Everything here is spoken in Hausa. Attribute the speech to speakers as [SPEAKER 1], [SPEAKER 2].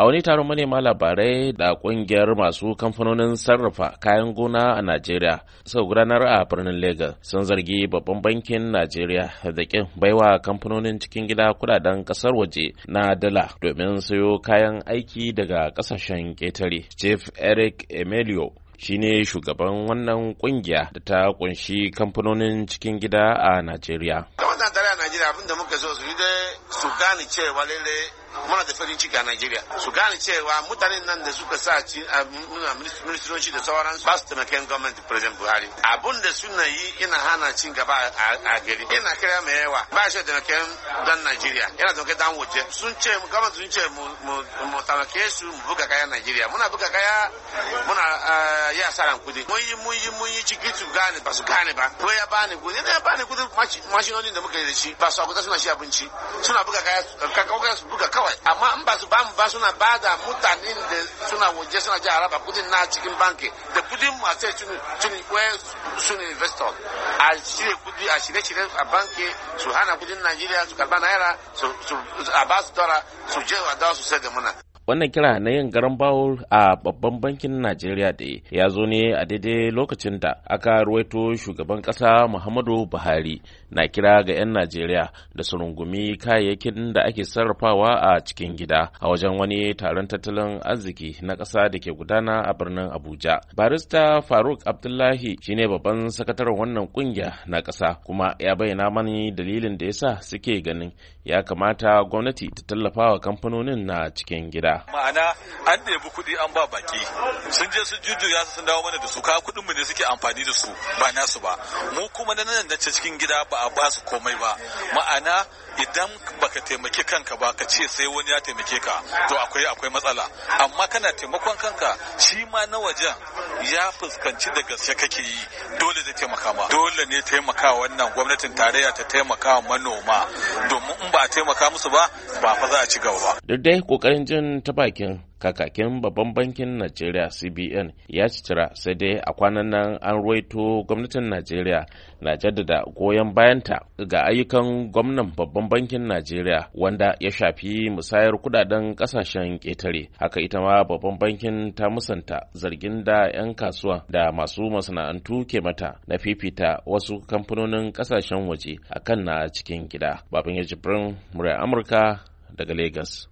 [SPEAKER 1] a wani taron manema labarai da kungiyar masu kamfanonin sarrafa kayan gona a najeriya suka gudanar a birnin Legas, sun zargi babban bankin najeriya da kin baiwa kamfanonin cikin gida kudaden kasar waje na dala domin sayo kayan aiki daga kasashen ketare chief eric Emilio shi ne shugaban wannan kungiya da ta kunshi kamfanonin cikin gida a najeriya
[SPEAKER 2] Najeriya abinda muka so su yi dai su gane cewa lalle muna da farin ciki a Najeriya su gane cewa mutanen nan da suka sa ministoci da sauran ba su taimakon gwamnati President Buhari abun da suna yi ina hana cin gaba a gari ina kira mai yawa ba shi da taimakon dan Najeriya yana da dan waje sun ce gwamnati sun ce mu taimake su mu buga kaya Najeriya muna buga kaya muna ya saran kudi mun yi mun yi mun yi ciki su gane ba su gane ba ko ya bani kudi ya bani kudi mashinonin da muka yi da shi ba su aguta suna shi abinci suna buga kaya ka su buga kawai amma in ba su ba mu ba suna ba da mutanen da suna waje suna ji araba kudin na cikin banki da kudin mu a sai tuni wayan investor a shirye kudi a shirye shirye a banki su hana kudin najeriya su karba naira su a ba su dora su je a su sai da muna
[SPEAKER 1] wannan kira na yin garan bawul a babban bankin najeriya da ya zo ne a daidai lokacin da aka ruwaito shugaban kasa muhammadu buhari na kira ga 'yan najeriya da su rungumi kayayyakin da ake sarrafawa a cikin gida a wajen wani taron tattalin arziki na ƙasa da ke gudana a birnin abuja barista faruk abdullahi shine babban sakataren wannan kungiya na ƙasa kuma ya bayyana mani dalilin da yasa suke ganin ya kamata gwamnati ta tallafa wa kamfanonin na cikin gida
[SPEAKER 3] ma'ana an ɗebi kuɗi an ba baki sun je su jujjuya su sun dawo mana da su ka kuɗin mu ne suke amfani da su ba nasu ba mu kuma na nan ce cikin gida ba a ba su komai ba ma'ana idan baka taimaki kanka ba ka ce sai wani ya taimake ka to akwai akwai matsala amma kana taimakon kanka shi ma na wajen ya fuskanci da gaske kake yi dole zai taimaka ma dole ne taimaka wannan gwamnatin tarayya ta taimaka manoma domin in ba a taimaka musu ba ba fa za a ci gaba ba
[SPEAKER 1] duk dai kokarin jin ta bakin kakakin babban bankin najeriya cbn ya citira sai dai a kwanan nan an ruwaito gwamnatin najeriya na jaddada goyon bayanta ga ayyukan gwamnan babban bankin najeriya wanda ya shafi musayar kudaden kasashen ƙetare haka ita ma babban bankin ta musanta zargin da 'yan kasuwa da masu masana'antu ke mata na fifita wasu kamfanonin kasashen waje a kan na cikin gida babin ya murya amurka daga Legas.